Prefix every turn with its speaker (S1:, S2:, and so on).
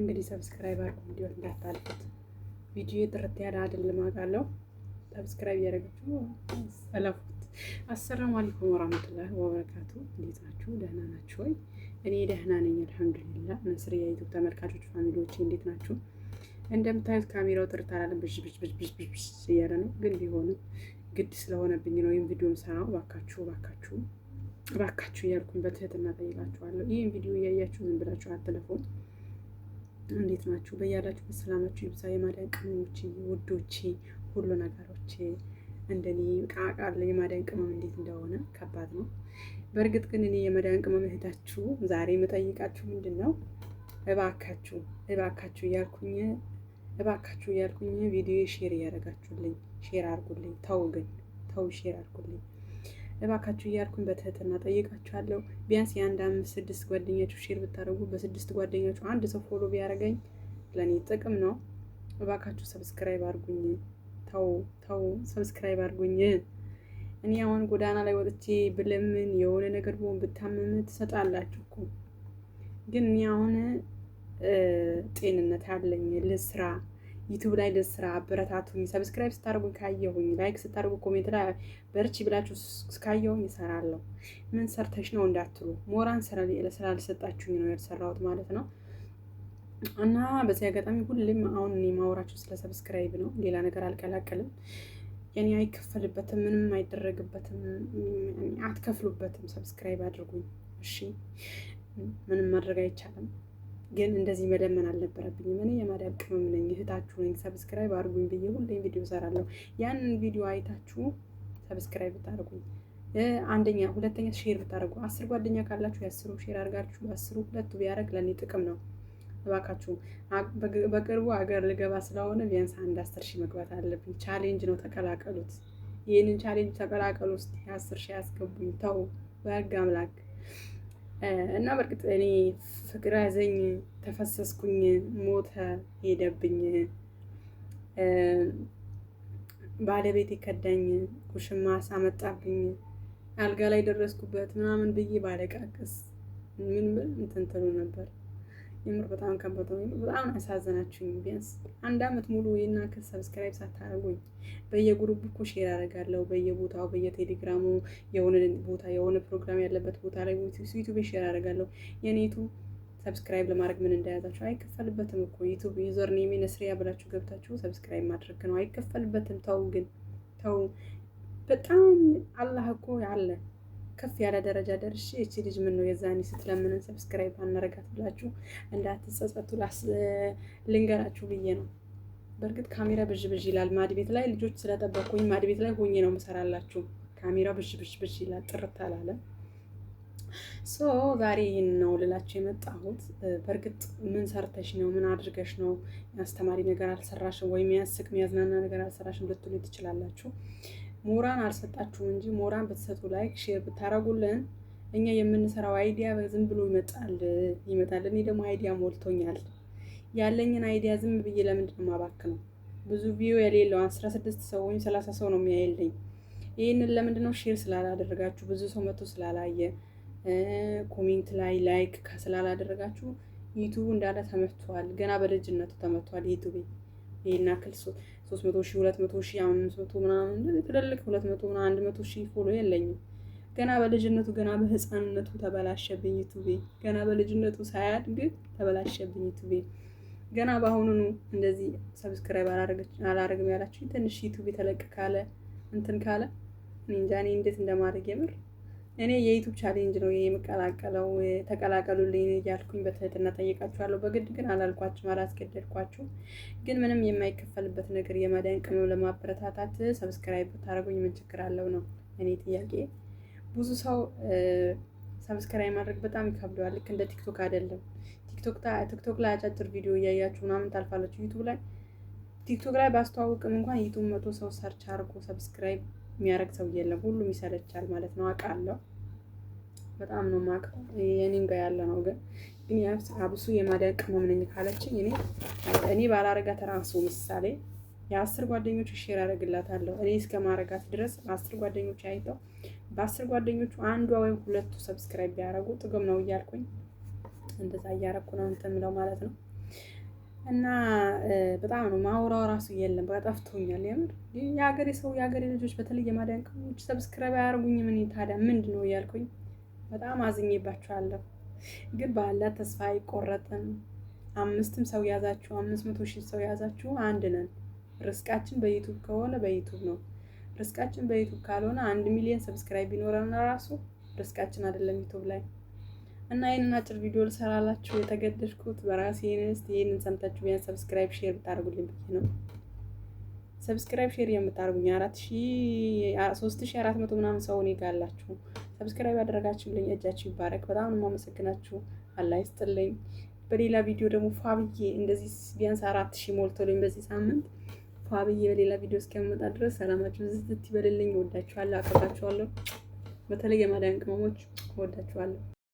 S1: እንግዲህ ሰብስክራይብ አድርጉ፣ ቪዲዮ እንዳታልፉት። ቪዲዮ ጥርት ያለ አይደለም አውቃለሁ። ሰብስክራይብ እያደረጋችሁ እለፉት። አሰላሙ አለይኩም ወራህመቱላሂ ወበረካቱ። እንዴት ናችሁ? ደህና ናችሁ ወይ? እኔ ደህና ነኝ አልሐምዱሊላህ። መስሪያ የዩቲዩብ ተመልካቾች ፋሚሊዎች እንዴት ናችሁ? እንደምታዩት ካሜራው ጥርት አላለም፣ ብዥ ብዥ ብዥ ብዥ እያለ ነው። ግን ቢሆንም ግድ ስለሆነብኝ ነው ይህን ቪዲዮም ሰራው። እባካችሁ እባካችሁ እባካችሁ እያልኩኝ በትህትና ጠይቃችኋለሁ። ይህን ቪዲዮ እያያችሁ ዝም ብላችሁ አትለፉም። እንዴት ናችሁ? በያላችሁ ሰላማችሁ ይብዛ። የማዳን ቅመሞች ውዶች፣ ሁሉ ነገሮች እንደኔ ቃቃር የማዳን ቅመም እንዴት እንደሆነ ከባድ ነው። በእርግጥ ግን እኔ የማዳን ቅመም እህታችሁ ዛሬ የምጠይቃችሁ ምንድን ነው? እባካችሁ እባካችሁ እያልኩኝ እባካችሁ እያልኩኝ ቪዲዮ ሼር እያደረጋችሁልኝ ሼር አድርጉልኝ። ተው ግን ተው ሼር አድርጉልኝ። እባካችሁ እያልኩኝ በትህትና ጠይቃችኋለሁ። ቢያንስ የአንድ አምስት ስድስት ጓደኞቹ ሼር ብታደርጉ በስድስት ጓደኞቹ አንድ ሰው ፎሎ ቢያደርገኝ ለእኔ ጥቅም ነው። እባካችሁ ሰብስክራይብ አድርጉኝ። ተው ተው፣ ሰብስክራይብ አድርጉኝ። እኔ አሁን ጎዳና ላይ ወጥቼ ብለምን የሆነ ነገር ብሆን ብታመም ትሰጣላችሁ እኮ ግን እኔ አሁን ጤንነት አለኝ ልስራ ዩቱብ ላይ ለስራ አበረታቱኝ። ሰብስክራይብ ስታደርጉኝ ካየሁኝ፣ ላይክ ስታደርጉ፣ ኮሜንት ላይ በርቺ ብላችሁ ካየሁኝ እሰራለሁ። ምን ሰርተሽ ነው እንዳትሉ፣ ሞራን ስላልሰጣችሁኝ ነው ያልሰራሁት ማለት ነው። እና በዚህ አጋጣሚ ሁሌም አሁን እኔ ማወራችሁ ስለ ሰብስክራይብ ነው። ሌላ ነገር አልቀላቀልም። የኔ አይከፈልበትም፣ ምንም አይደረግበትም፣ አትከፍሉበትም። ሰብስክራይብ አድርጉኝ እሺ። ምንም ማድረግ አይቻልም። ግን እንደዚህ መለመን አልነበረብኝም። እኔ የማዳም ቅመም ነኝ፣ እህታችሁ ነኝ። ሰብስክራይብ አድርጉኝ ብዬ ሁሌም ቪዲዮ እሰራለሁ። ያንን ቪዲዮ አይታችሁ ሰብስክራይብ ብታደርጉኝ፣ አንደኛ ሁለተኛ ሼር ብታደርጉ፣ አስር ጓደኛ ካላችሁ ያስሩ ሼር አድርጋችሁ አስሩ፣ ሁለቱ ቢያደርግ ለእኔ ጥቅም ነው። እባካችሁ በቅርቡ አገር ልገባ ስለሆነ ቢያንስ አንድ አስር ሺህ መግባት አለብኝ። ቻሌንጅ ነው፣ ተቀላቀሉት። ይህንን ቻሌንጅ ተቀላቀሉ። ውስጥ የአስር ሺህ ያስገቡኝ። ተው በህግ አምላክ እና በእርግጥ እኔ ፍቅር ያዘኝ፣ ተፈሰስኩኝ፣ ሞተ፣ ሄደብኝ፣ ባለቤት የከዳኝ፣ ኩሽማ ሳመጣብኝ፣ አልጋ ላይ ደረስኩበት ምናምን ብዬ ባለቃቅስ ምን ምን እንትን ትሉ ነበር። የምር በጣም ከባድ ነው። በጣም አሳዘናችሁኝ። ቢያንስ አንድ አመት ሙሉ የእናንተ ሰብስክራይብ ሳታደርጉኝ በየግሩፕ እኮ ሼር አደርጋለሁ፣ በየቦታው በየቴሌግራሙ የሆነ ቦታ የሆነ ፕሮግራም ያለበት ቦታ ላይ ዩቱብ ሼር አደርጋለሁ። የኔ ዩቱብ ሰብስክራይብ ለማድረግ ምን እንደያዛችሁ አይከፈልበትም እኮ ዩቱብ ዩዘር ኔም ነስሪያ ብላችሁ ገብታችሁ ሰብስክራይብ ማድረግ ነው። አይከፈልበትም። ተው ግን ተው። በጣም አላህ እኮ አለ ከፍ ያለ ደረጃ ደርሽ እቺ ልጅ ምን ነው የዛኔ ስትለምንን ሰብስክራይብ አናረጋት ብላችሁ እንዳትጸጸቱ ልንገራችሁ ብዬ ነው። በእርግጥ ካሜራ ብዥ ብዥ ይላል። ማድ ቤት ላይ ልጆች ስለጠበቁኝ ማድ ቤት ላይ ሆኜ ነው ምሰራላችሁ። ካሜራ ብዥ ብዥ ብዥ ይላል፣ ጥርት አላለም። ሶ ዛሬ ይህን ነው ልላችሁ የመጣሁት። በእርግጥ ምን ሰርተሽ ነው ምን አድርገሽ ነው አስተማሪ ነገር አልሰራሽም ወይም የሚያስቅ የሚያዝናና ነገር አልሰራሽም ልትሉ ትችላላችሁ። ሞራን አልሰጣችሁም እንጂ ሞራን ብትሰጡ ላይክ ሼር ብታረጉልን እኛ የምንሰራው አይዲያ ዝም ብሎ ይመጣል ይመጣል። እኔ ደግሞ አይዲያ ሞልቶኛል። ያለኝን አይዲያ ዝም ብዬ ለምንድን ነው ብዙ ቪዮ የሌለው አስራ ስድስት ሰው ወይም ሰላሳ ሰው ነው የሚያየልኝ። ይህንን ለምንድን ነው ሼር ስላላደረጋችሁ፣ ብዙ ሰው መቶ ስላላየ፣ ኮሜንት ላይ ላይክ ስላላደረጋችሁ ዩቱቡ እንዳለ ተመቷል። ገና በልጅነቱ ተመቷል ዩቱቤ ይህና አክል ሶስት መቶ ሺህ ሁለት መቶ ሺህ አምስት መቶ ምናምን ትልልቅ ሁለት መቶ ምናምን አንድ መቶ ሺህ ፎሎ የለኝም። ገና በልጅነቱ ገና በህፃንነቱ ተበላሸብኝ ዩቱቤ። ገና በልጅነቱ ሳያድግ ተበላሸብኝ ዩቱቤ። ገና በአሁኑኑ እንደዚህ ሰብስክራይብ አላረግም ያላችሁ ትንሽ ዩቱቤ ተለቅ ካለ እንትን ካለ እኔ እንጃ እኔ እንዴት እንደማድረግ የምር እኔ የዩቱብ ቻሌንጅ ነው የምቀላቀለው ተቀላቀሉልኝ እያልኩኝ በትህትና ጠይቃችኋለሁ። በግድ ግን አላልኳችሁም፣ አላስገደድኳችሁ። ግን ምንም የማይከፈልበት ነገር የመዳን ቅመም ለማበረታታት ሰብስክራይብ ብታደርጉኝ ምን ችግር አለው ነው እኔ ጥያቄ። ብዙ ሰው ሰብስክራይብ ማድረግ በጣም ይከብደዋል። ልክ እንደ ቲክቶክ አይደለም። ቲክቶክ ላይ አጫጭር ቪዲዮ እያያችሁ ምናምን ታልፋለችሁ። ዩቱብ ላይ ቲክቶክ ላይ ባስተዋውቅም እንኳን ዩቱብ መቶ ሰው ሰርች አድርጎ ሰብስክራይብ የሚያደርግ ሰው የለም። ሁሉም ይሰለቻል ማለት ነው። አውቃለሁ፣ በጣም ነው የማውቀው። የኔም ጋር ያለ ነው። ግን ግን አብሱ የማዳን ቅመም ነኝ ካለችኝ እኔ እኔ ባላረጋት ራሱ ምሳሌ የአስር ጓደኞቹ ሼር አደርግላታለሁ። እኔ እስከ ማረጋት ድረስ አስር ጓደኞቹ አይተው በአስር ጓደኞቹ አንዷ ወይም ሁለቱ ሰብስክራይብ ያደረጉ ጥቅም ነው እያልኩኝ እንደዛ እያረኩ ነው እንትን ምለው ማለት ነው። እና በጣም ነው ማውራው ራሱ የለም። በቃ ጠፍቶኛል። የምር የሀገሬ ሰው የሀገሬ ልጆች በተለይ የማዳን ቅሞች ሰብስክራይብ አያደርጉኝም። ታዲያ ምንድን ነው እያልኩኝ በጣም አዝኜባችኋለሁ። ግን ባለ ተስፋ አይቆረጥም። አምስትም ሰው ያዛችሁ፣ አምስት መቶ ሺህ ሰው ያዛችሁ አንድ ነን። ርስቃችን በዩቱብ ከሆነ በዩቱብ ነው። ርስቃችን በዩቱብ ካልሆነ አንድ ሚሊዮን ሰብስክራይብ ቢኖረን ራሱ ርስቃችን አይደለም ዩቱብ ላይ እና ይህንን አጭር ቪዲዮ ልሰራላችሁ የተገደድኩት በራሴ ንስ ይህንን ሰምታችሁ ቢያንስ ሰብስክራይብ ሼር ብታደርጉልኝ ብዬ ነው። ሰብስክራይብ ሼር የምታደርጉኝ አራት ሶስት ሺ አራት መቶ ምናምን ሰው እኔ ጋር አላችሁ። ሰብስክራይብ ያደረጋችሁልኝ እጃችሁ ይባረክ። በጣም የማመሰግናችሁ አላህ ይስጥልኝ። በሌላ ቪዲዮ ደግሞ ፏብዬ እንደዚህ ቢያንስ አራት ሺ ሞልቶልኝ በዚህ ሳምንት ፏብዬ በሌላ ቪዲዮ እስከምመጣ ድረስ ሰላማችሁ ዝዝት ይበልልኝ። እወዳችኋለሁ፣ አከብራችኋለሁ። በተለይ የማዳን ቅመሞች ወዳችኋለሁ።